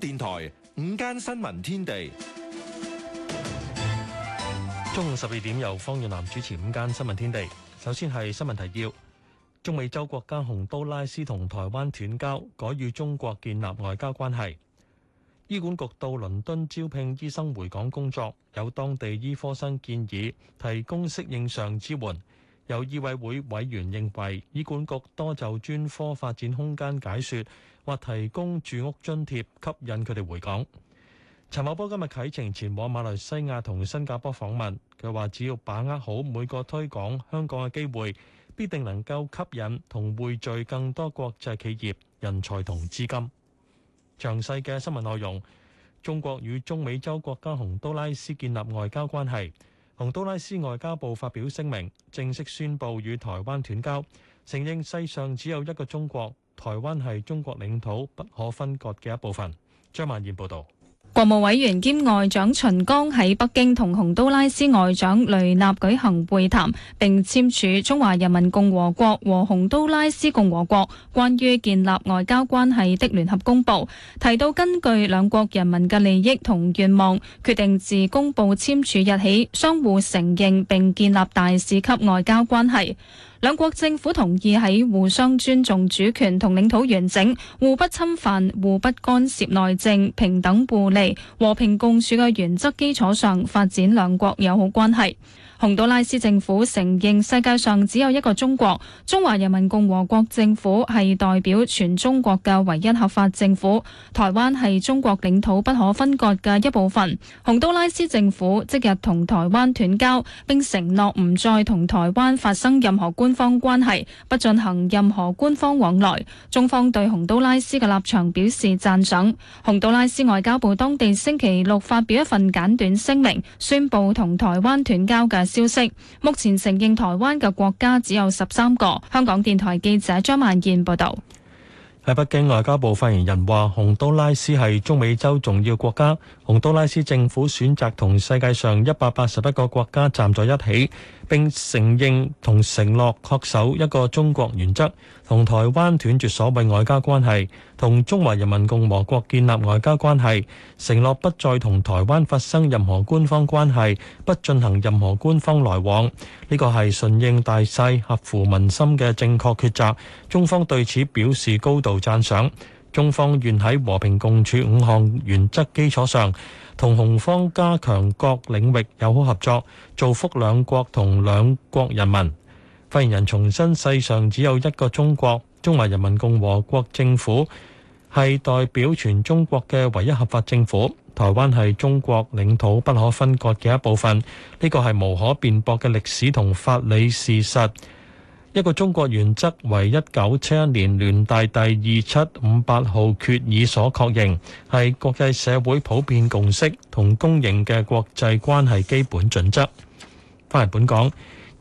電台午間新聞天地，中午十二點由方遠南主持午間新聞天地。首先係新聞提要：中美洲國家洪都拉斯同台灣斷交，改與中國建立外交關係。醫管局到倫敦招聘醫生回港工作，有當地醫科生建議提供適應上支援。有醫委會委員認為，醫管局多就專科發展空間解說。或提供住屋津貼吸引佢哋回港。陳茂波今日啟程前往馬來西亞同新加坡訪問，佢話只要把握好每個推廣香港嘅機會，必定能夠吸引同匯聚更多國際企業、人才同資金。詳細嘅新聞內容，中國與中美洲國家洪都拉斯建立外交關係。洪都拉斯外交部發表聲明，正式宣布與台灣斷交，承認世上只有一個中國。台灣係中國領土不可分割嘅一部分。張曼燕報導，國務委員兼外長秦剛喺北京同洪都拉斯外長雷納舉行會談，並簽署《中華人民共和國和洪都拉斯共和國關於建立外交關係的聯合公報》，提到根據兩國人民嘅利益同願望，決定自公報簽署日起，相互承認並建立大使級外交關係。兩國政府同意喺互相尊重主權同領土完整、互不侵犯、互不干涉內政、平等互利、和平共處嘅原則基礎上，發展兩國友好關係。洪都拉斯政府承認世界上只有一個中國，中華人民共和國政府係代表全中國嘅唯一合法政府，台灣係中國領土不可分割嘅一部分。洪都拉斯政府即日同台灣斷交，並承諾唔再同台灣發生任何官方關係，不進行任何官方往來。中方對洪都拉斯嘅立場表示讚賞。洪都拉斯外交部當地星期六發表一份簡短聲明，宣布同台灣斷交嘅。消息目前承認台灣嘅國家只有十三個。香港電台記者張萬健報導，喺北京外交部發言人話，洪都拉斯係中美洲重要國家，洪都拉斯政府選擇同世界上一百八十一個國家站在一起。並承認同承諾恪守一個中國原則，同台灣斷絕所謂外交關係，同中華人民共和國建立外交關係，承諾不再同台灣發生任何官方關係，不進行任何官方來往。呢個係順應大勢、合乎民心嘅正確抉擇，中方對此表示高度讚賞。中方願喺和平共處五項原則基礎上，同紅方加強各領域友好合作，造福兩國同兩國人民。發言人重申，世上只有一個中國，中華人民共和國政府係代表全中國嘅唯一合法政府，台灣係中國領土不可分割嘅一部分，呢個係無可辯駁嘅歷史同法理事實。一個中國原則為一九七一年聯大第二七五八號決議所確認，係國際社會普遍共識同公認嘅國際關係基本準則。翻嚟本港。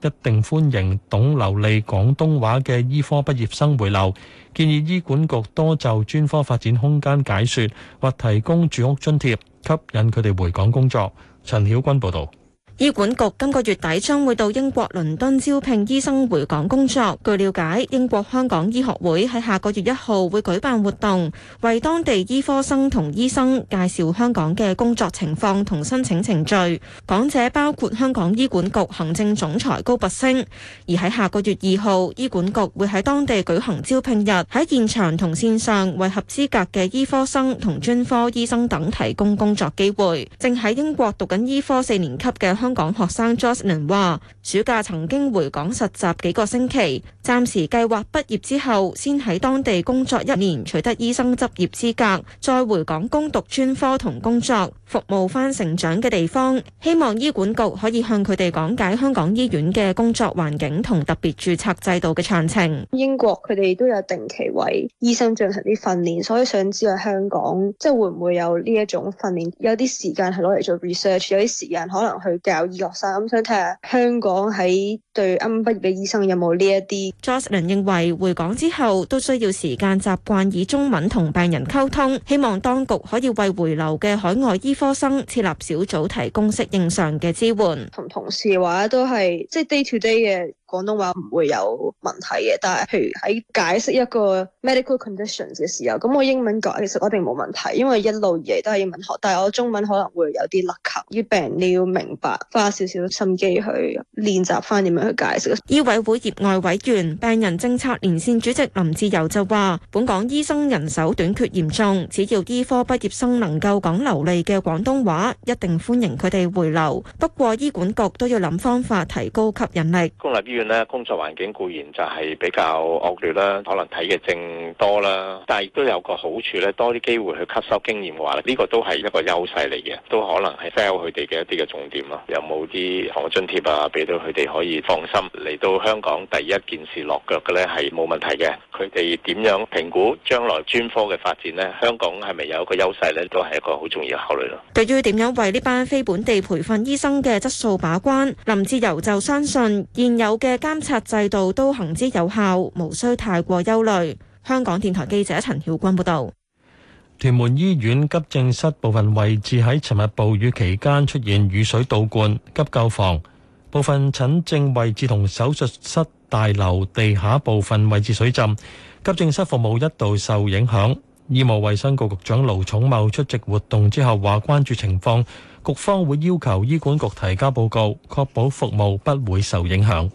一定歡迎懂流利廣東話嘅醫科畢業生回流，建議醫管局多就專科發展空間解說，或提供住屋津貼，吸引佢哋回港工作。陳曉君報道。醫管局今個月底將會到英國倫敦招聘醫生回港工作。據了解，英國香港醫學會喺下個月一號會舉辦活動，為當地醫科生同醫生介紹香港嘅工作情況同申請程序。講者包括香港醫管局行政總裁高拔升。而喺下個月二號，醫管局會喺當地舉行招聘日，喺現場同線上為合資格嘅醫科生同專科醫生等提供工作機會。正喺英國讀緊醫科四年級嘅香香港學生 Josephine 話：暑假曾經回港實習幾個星期，暫時計劃畢業之後先喺當地工作一年，取得醫生執業資格，再回港攻讀專科同工作。服務返成長嘅地方，希望醫管局可以向佢哋講解香港醫院嘅工作環境同特別註冊制度嘅詳情。英國佢哋都有定期為醫生進行啲訓練，所以想知下香港即係會唔會有呢一種訓練？有啲時間係攞嚟做 research，有啲時間可能去教醫學生。咁想睇下香港喺對啱啱畢業嘅醫生有冇呢一啲。Jocelyn 認為回港之後都需要時間習慣以中文同病人溝通，希望當局可以為回流嘅海外醫科生設立小組，提供適應上嘅支援，同同事話都係即係 day to day 嘅。廣東話唔會有問題嘅，但係譬如喺解釋一個 medical conditions 嘅時候，咁我英文講其實一定冇問題，因為一路以嚟都係英文學，但係我中文可能會有啲甩球。啲病你要明白，花少少心機去練習返點樣去解釋。醫委會業外委員、病人政策連線主席林志游就話，本港醫生人手短缺嚴重，只要醫科畢業生能夠講流利嘅廣東話，一定歡迎佢哋回流。不過醫管局都要諗方法提高吸引力。公立醫工作環境固然就係比較惡劣啦，可能睇嘅症多啦，但係亦都有個好處咧，多啲機會去吸收經驗嘅話，呢、這個都係一個優勢嚟嘅，都可能係 sell 佢哋嘅一啲嘅重點咯。有冇啲學津貼啊，俾到佢哋可以放心嚟到香港第一件事落腳嘅咧，係冇問題嘅。佢哋點樣評估將來專科嘅發展呢？香港係咪有一個優勢咧？都係一個好重要考慮咯。對於點樣為呢班非本地培訓醫生嘅質素把關，林志游就相信現有嘅。嘅監察制度都行之有效，無需太過憂慮。香港電台記者陳曉君報道。屯門醫院急症室部分位置喺尋日暴雨期間出現雨水倒灌、急救房部分診症位置同手術室大樓地下部分位置水浸，急症室服務一度受影響。醫務衛生局局長盧寵茂出席活動之後話：關注情況，局方會要求醫管局提交報告，確保服務不會受影響。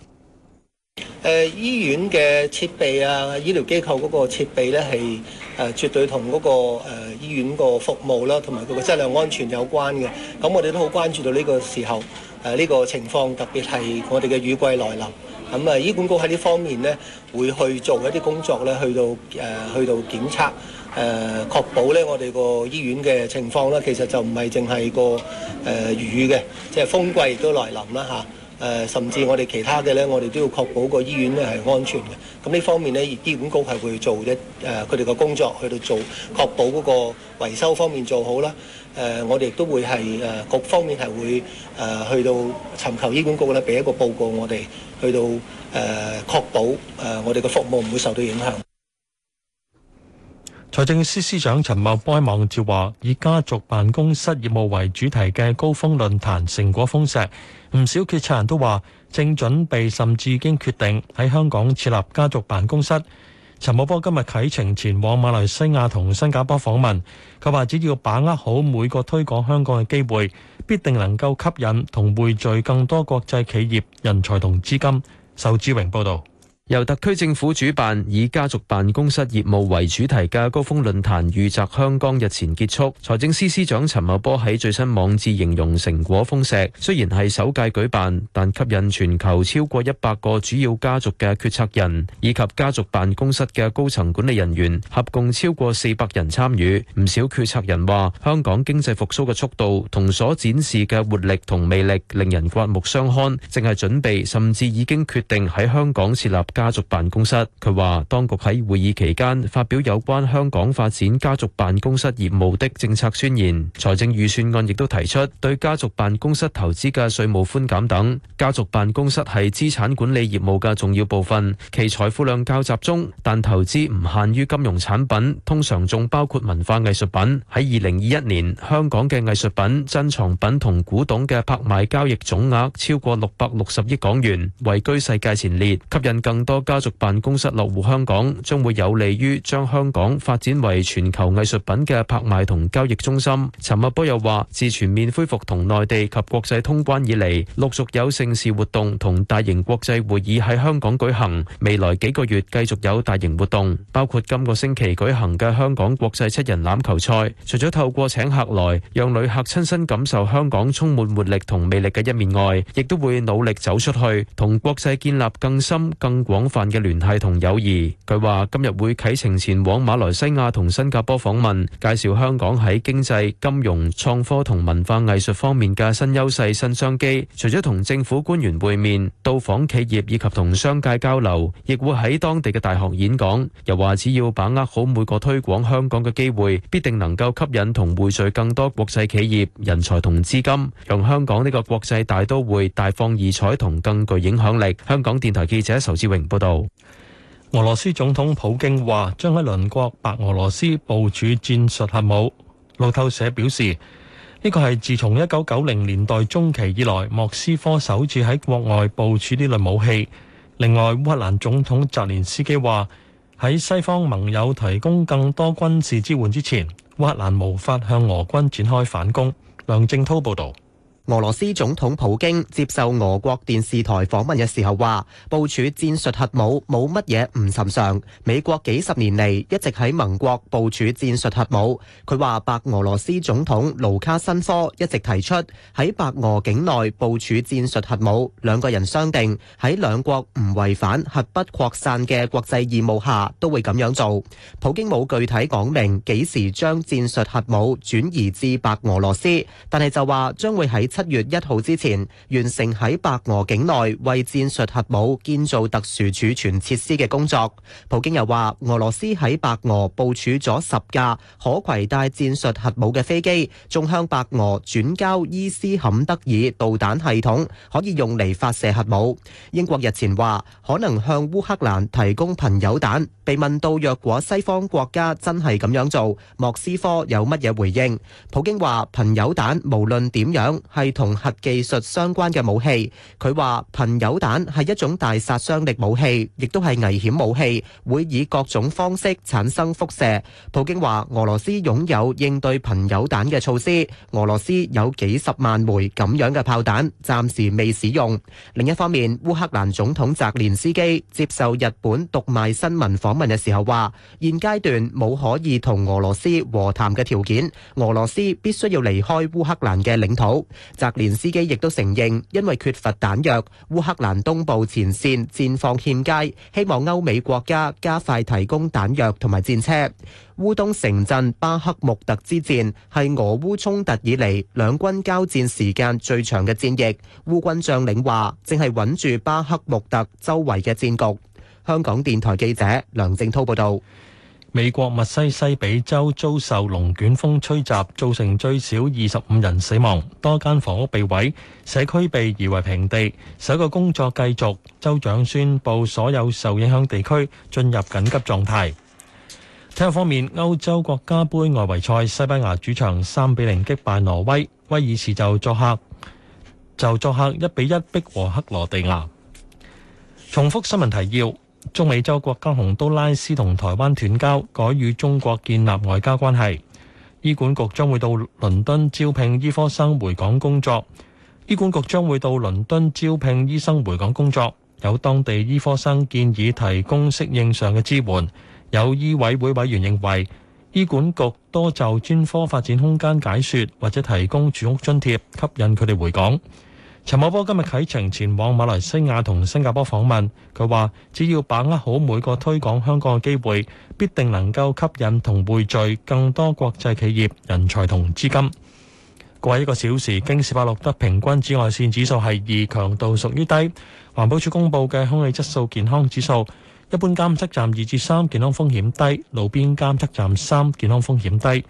誒、呃，醫院嘅設備啊，醫療機構嗰個設備呢，係誒、呃，絕對同嗰、那個誒、呃、醫院個服務啦、啊，同埋嗰個質量安全有關嘅。咁我哋都好關注到呢個時候誒呢、呃這個情況，特別係我哋嘅雨季來臨。咁、嗯、啊、呃，醫管局喺呢方面呢，會去做一啲工作呢，去到誒、呃、去到檢測誒，確、呃、保呢我哋個醫院嘅情況啦、啊。其實就唔係淨係個誒、呃、雨嘅，即、就、係、是、風季都來臨啦吓。啊誒、呃，甚至我哋其他嘅呢，我哋都要確保個醫院呢係安全嘅。咁呢方面呢，醫管局係會做一誒佢哋個工作去到做，確保嗰個維修方面做好啦。誒、呃，我哋亦都會係誒各方面係會誒、呃、去到尋求醫管局咧，俾一個報告我哋去到誒確、呃、保誒、呃、我哋嘅服務唔會受到影響。財政司司長陳茂波網誌話，以家族辦公室業務為主題嘅高峰論壇成果豐碩，唔少決策人都話正準備，甚至已經決定喺香港設立家族辦公室。陳茂波今日啟程前往馬來西亞同新加坡訪問，佢話只要把握好每個推廣香港嘅機會，必定能夠吸引同匯聚更多國際企業、人才同資金。仇志榮報道。由特區政府主辦、以家族辦公室業務為主題嘅高峰論壇裕澤香港日前結束。財政司司長陳茂波喺最新網誌形容成果豐碩，雖然係首屆舉辦，但吸引全球超過一百個主要家族嘅決策人以及家族辦公室嘅高層管理人員，合共超過四百人參與。唔少決策人話，香港經濟復蘇嘅速度同所展示嘅活力同魅力令人刮目相看，正係準備甚至已經決定喺香港設立。家族辦公室，佢話當局喺會議期間發表有關香港發展家族辦公室業務的政策宣言。財政預算案亦都提出對家族辦公室投資嘅稅務寬減等。家族辦公室係資產管理業務嘅重要部分，其財富量較集中，但投資唔限於金融產品，通常仲包括文化藝術品。喺二零二一年，香港嘅藝術品、珍藏品同古董嘅拍賣交易總額超過六百六十億港元，位居世界前列，吸引更。多家族辦公室落戶香港，將會有利於將香港發展為全球藝術品嘅拍賣同交易中心。陳茂波又話：自全面恢復同內地及國際通關以嚟，陸續有盛事活動同大型國際會議喺香港舉行。未來幾個月繼續有大型活動，包括今個星期舉行嘅香港國際七人欖球賽。除咗透過請客來讓旅客親身感受香港充滿活力同魅力嘅一面外，亦都會努力走出去，同國際建立更深更廣泛嘅聯繫同友誼。佢話今日會啟程前往馬來西亞同新加坡訪問，介紹香港喺經濟、金融、創科同文化藝術方面嘅新優勢、新商機。除咗同政府官員會面、到訪企業以及同商界交流，亦會喺當地嘅大學演講。又話只要把握好每個推廣香港嘅機會，必定能夠吸引同匯聚更多國際企業、人才同資金，讓香港呢個國際大都會大放異彩同更具影響力。香港電台記者仇志榮。報道：俄羅斯總統普京話將喺鄰國白俄羅斯部署戰術核武。路透社表示，呢個係自從一九九零年代中期以來莫斯科首次喺國外部署呢類武器。另外，烏克蘭總統澤連斯基話喺西方盟友提供更多軍事支援之前，烏克蘭無法向俄軍展開反攻。梁正濤報道。俄羅斯總統普京接受俄國電視台訪問嘅時候話，部署戰術核武冇乜嘢唔尋常。美國幾十年嚟一直喺盟國部署戰術核武。佢話白俄羅斯總統盧卡申科一直提出喺白俄境內部署戰術核武，兩個人商定喺兩國唔違反核不擴散嘅國際義務下都會咁樣做。普京冇具體講明幾時將戰術核武轉移至白俄羅斯，但係就話將會喺。七月一號之前完成喺白俄境內為戰術核武建造特殊儲存設施嘅工作。普京又話：俄羅斯喺白俄部署咗十架可攜帶戰術核武嘅飛機，仲向白俄轉交伊斯坎德爾導彈系統，可以用嚟發射核武。英國日前話可能向烏克蘭提供貧鈾彈。被問到若果西方國家真係咁樣做，莫斯科有乜嘢回應？普京話：貧鈾彈無論點樣係。係同核技術相關嘅武器，佢話貧鈾彈係一種大殺傷力武器，亦都係危險武器，會以各種方式產生輻射。普京話俄羅斯擁有應對貧鈾彈嘅措施，俄羅斯有幾十萬枚咁樣嘅炮彈，暫時未使用。另一方面，烏克蘭總統澤連斯基接受日本讀賣新聞訪問嘅時候話，現階段冇可以同俄羅斯和談嘅條件，俄羅斯必須要離開烏克蘭嘅領土。澤連斯基亦都承認，因為缺乏彈藥，烏克蘭東部前線戰況欠佳，希望歐美國家加快提供彈藥同埋戰車。烏東城鎮巴克穆特之戰係俄烏衝突以嚟兩軍交戰時間最長嘅戰役。烏軍將領話，正係穩住巴克穆特周圍嘅戰局。香港電台記者梁正濤報道。美國密西西比州遭受龍捲風吹襲，造成最少二十五人死亡，多間房屋被毀，社區被夷為平地。首個工作繼續，州長宣布所有受影響地區進入緊急狀態。體育方面，歐洲國家杯外圍賽，西班牙主場三比零擊敗挪威，威爾士就作客就作客一比一逼和克羅地亞。重複新聞提要。中美洲國家洪都拉斯同台灣斷交，改與中國建立外交關係。醫管局將會到倫敦招聘醫科生回港工作。醫管局將會到倫敦招聘醫生回港工作。有當地醫科生建議提供適應上嘅支援。有醫委會委員認為，醫管局多就專科發展空間解說，或者提供住屋津貼，吸引佢哋回港。陳茂波今日啟程前往馬來西亞同新加坡訪問，佢話只要把握好每個推廣香港嘅機會，必定能夠吸引同匯聚更多國際企業、人才同資金。過一個小時，京士柏錄得平均紫外線指數係二，強度屬於低。環保署公布嘅空氣質素健康指數，一般監測站二至三，健康風險低；路邊監測站三，健康風險低。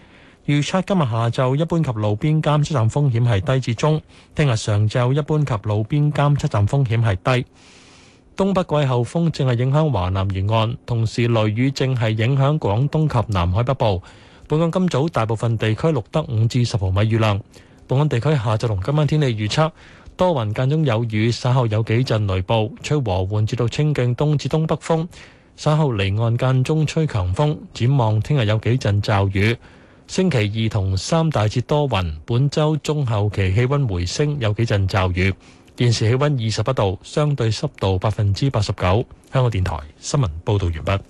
預測今日下晝一般及路邊監測站風險係低至中。聽日上晝一般及路邊監測站風險係低。東北季候風正係影響華南沿岸，同時雷雨正係影響廣東及南海北部。本港今早大部分地區錄得五至十毫米雨量。本港地區下晝同今晚天氣預測，多雲間中有雨，稍後有幾陣雷暴，吹和緩至到清勁東至東北風。稍後離岸間中吹強風，展望聽日有幾陣驟雨。星期二同三大節多雲，本周中後期氣温回升，有幾陣驟雨。現時氣温二十一度，相對濕度百分之八十九。香港電台新聞報導完畢。